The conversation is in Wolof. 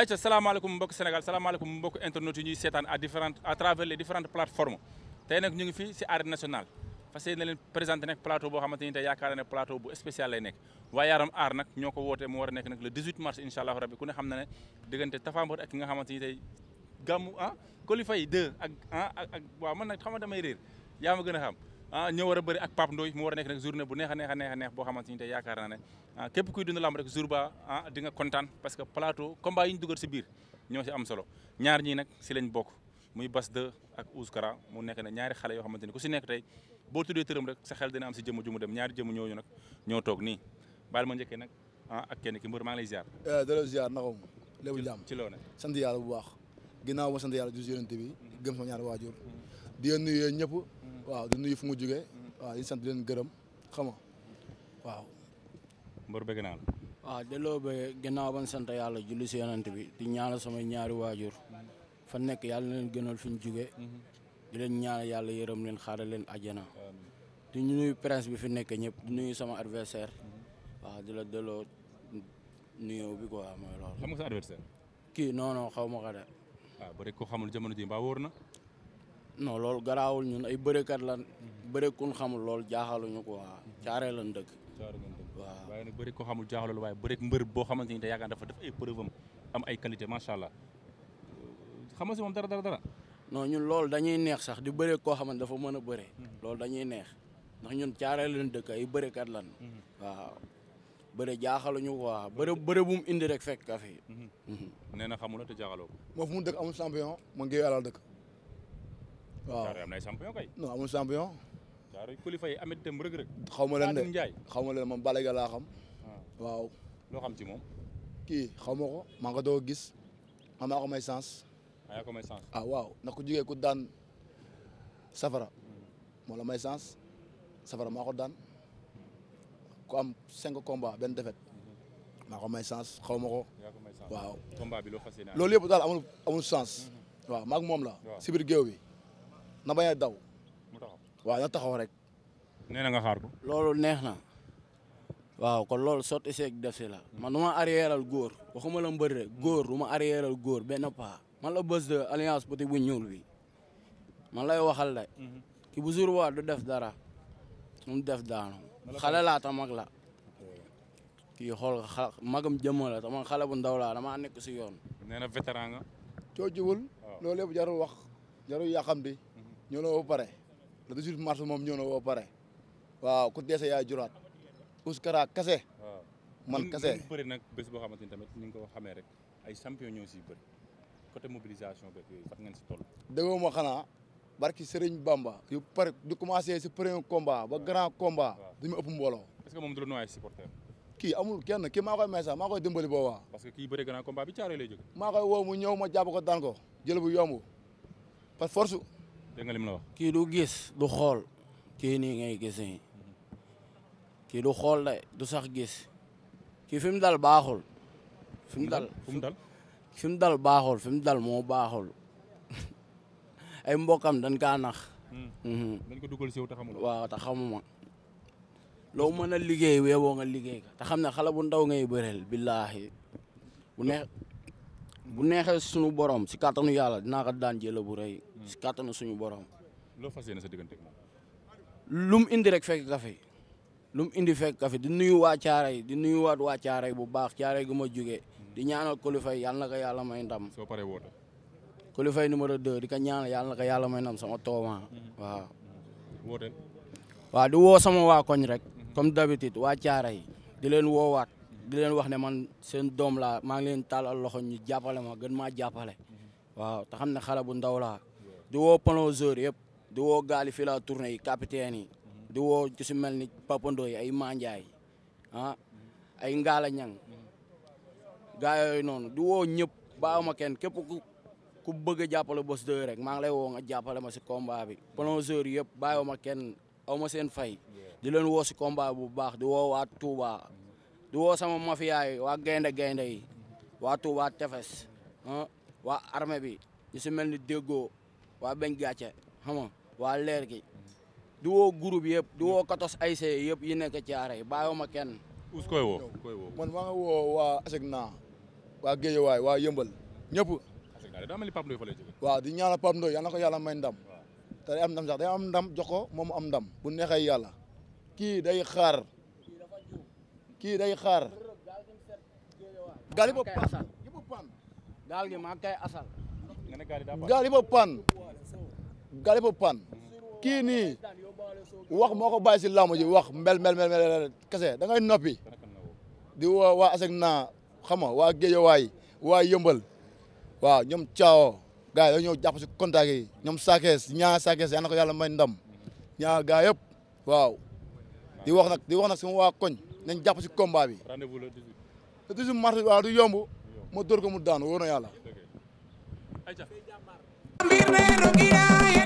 ayca salaamaaleykum mbokk Sénégal salaamaaleykum mbokk internet yi ñuy seetaan à différentes à travers les différentes plateformes tey nag ñu ngi fii si arène nationale fas yéene leen présenté nag plateau boo xamante ni tey yaakaar na ne plateau bu spécial lay nekk waaye Yaram Art nag ñoo ko wootee mu war a nekk nag le 18 mars incha allah rabbi ku ne xam na ne diggante Tapha Mbeur ak nga xamante ni tey gàmmu ah Coly Faye ak ah ak waaw man xam nga damay réer yaa ma gën a xam ah ñoo war a bëri ak Pape Ndoye mu war a nekk nag a neex a a neex boo xamante ni tey yaakaar naa ah, képp kuy dund rek jour ba ah kontaan parce que plateau combat yi ñu dugal si biir ñoo si am solo ñaar ñii nag si lañ bokk muy Bas 2 ak Ouskara mu nekk ne ñaari xale yoo xamante ni ku si nekk tey boo tuddee tëram rek sa xel dina am si jëmm ju dem dem ñaari jëmm ñooñu nag ñoo toog nii baal ma njëkkee nag ah ak kenn ki mbër maa ngi lay ziar. Eh, delloo ziar naxam lébu jàmm ci loo ne sant bu baax ginnaaw ma sant yàlla ju yonente bi gëm sama ñaari waajur di waaw di nuyu fu mu jugee. waaw di sant gërëm xam nga waaw. mbër bëgg naa ba gannaaw ban sant yàlla julli si bi di ñaanal ñaari waajur fa nekk yàlla na leen fi ñu jugee. di yàlla yërëm leen xaaral leen àjjana. di nuyu bi fi nekk ñëpp di sama adversaire. waaw di la delloo nuyoo bi quoi mooy loolu. kii non xaw ma ko de. waaw ba ko xamul jamono ji mbaa wóor na. non loolu garaawul ñun ay bërekat lan bëre ku xamul loolu jaaxaluñu ko waa caaree lan dëkk. caaree lan dëkk waaw waaye nag bëre ko xamul jaaxal loolu waaye bëre mbër boo xamante ni te yaakaar dafa def ay preuve am ay qualité macha allah xam si moom dara dara dara. non ñun loolu dañuy neex sax di bëre koo xamante dafa mën a bëre. Mhm. lool dañuy neex ndax ñun caaree lan dëkk ay bërekat lan. Mhm. waaw bëre jaaxaluñu ko waa bëre bëre bu mu indi rek fekk mhm. na xamul te jaaxaloo ko. moo fu mu dëkk amul champion mu ngi waaw am na ay kay. non amul yi amit dem rëg xaw ma leen de xaw ma leen moom Balla Gaye laa xam. Ah. waaw. loo xam ci moom. kii xaw ma ko maa ngi ko doog gis xam naa ko may ah, ko may sens. ah waaw ndax ku safara. moo la safara maa ko daan ku am cinq combat benn défaite maa ko may sens xaw ma ko. waaw combat bi loo fas yéene loolu yëpp daal amul amul mhm. waaw maag moom la. si biir géew bi. na bañ a daw. mu taxaw na taxaw rek. nee na ko. loolu neex na. waaw kon loolu sotti seeg def si la. man du ma arrièreal góor waxuma la mbër rek góor du ma arrièreal man la bés de alliance petit bu ñuul bi man lay waxal de. Mhm. ki bu jour waa du def dara mu def daanu. xale laa ta mag la. kii xool xa magam jëmm la te man bu ndaw la damaa nekk si yoon. nee na vétéran nga. coo jiwul. loolu yëpp jarul ñëw na ba pare le 18 mars moom ñëw na ba pare waaw ku deese yaay juraat Ouskara kase. man kase ñu bëri nag bés boo xamante ni tamit ni nga ko xamee rek ay champion ñoo siy bëri mobilisation beeg yooyu fan ngeen si toll. déggoo ma xanaa barki Serigne Bamba yu pare du commencé si premier combat ba grand combat. du ñu ëpp mbooloo. est-ce moom du la nooy supporter. kii amul kenn kii maa koy may sax maa parce que kii bëre grand combat bi caare lay jóge. maa woo mu ñëw ma jàpp ko daan ko jël bu yomb par force. dégg nga lim kii du gis du xool kii nii ngay gis nii kii du xool de du sax gis kii fi mu dal baaxul. fi dal fi mu dal. baaxul fi dal moo baaxul ay mbokkam dañ kaa nax. Hmm. Hmm. dañ ko dugal si yow te waaw te xamuma loo mën a liggéey weewoo nga liggéey ka te xam ne xale bu ndaw ngay bëreel billaahi bu neex. bu neexee suñu borom si kàttanu yàlla dinaa ko daan jëla bu rëy. si kàttanu suñu borom. loo fas yéene sa diggante ak lum indi rek fekk ka lum indi fekk ka di nuyu waa Caaray di nuyu waat waa Caaray bu baax Caaray gu ma jugee. di ñaanal Kolifay yàlla na yàlla may ndam. soo paree woote. Kolifay numéro 2 di ko ñaanal yàlla na yàlla may ndam sama tooma waaw. woote. waaw di woo sama waa koñ rek. comme d'habitude waa Caaray di leen woowaat. di leen wax ne man seen doom laa maa ngi leen tàllal loxo ñu jàppale ma gën maa jàppale waaw te xam ne xale bu ndaw laa di woo plongeurs yëpp di woo gaali fii laa tournée yi capitaine yi di woo ci si mel ni papando yi ay manjaay ah ay ngaala ñang gaa yooyu noonu di woo ñëpp baaw ma kenn képp ku bëgg a jàppale Boss 2 rek maa ngi lay woo nga jàppale ma si combat bi plongeurs yëpp bàyyi ma kenn aw ma seen fay di leen woo si combat bu baax di woo waa Touba di woo sama mafia yi waa gaynde gaynde yi waa Tefes ah, waa armée bi ñu si mel ni déggoo waa beñ gàcce waa leer gi di woo groupe yëpp di woo katos ay see yëpp yi nekk ci aare yi bàyyiwuma kenn. us koy waa ASECNA waa Guédiawaye waa Yëmbal ñëpp. ASECNA daa mel ni Pape Ndoye fa lay jógee. waaw di ñaanal Pape Ndoye yal na am ndam sax day kii day kii day xaar. gaal yi ba ba pan. gaal yi ba pan. kii nii wax moo ko bàyyi si làmb ji wax mbel mbel kese da ngay noppi. di woo waa aseg naa xam nga waa géejo waay waa yëmbal. waaw ñoom caawo gars yi dañoo jàpp si contact yi ñoom saakees ñaa saakees yal na ko yàlla may ndam ñaa nañ jàpp si combat bi. rendez-vous le 18. le 18 mars mu daanu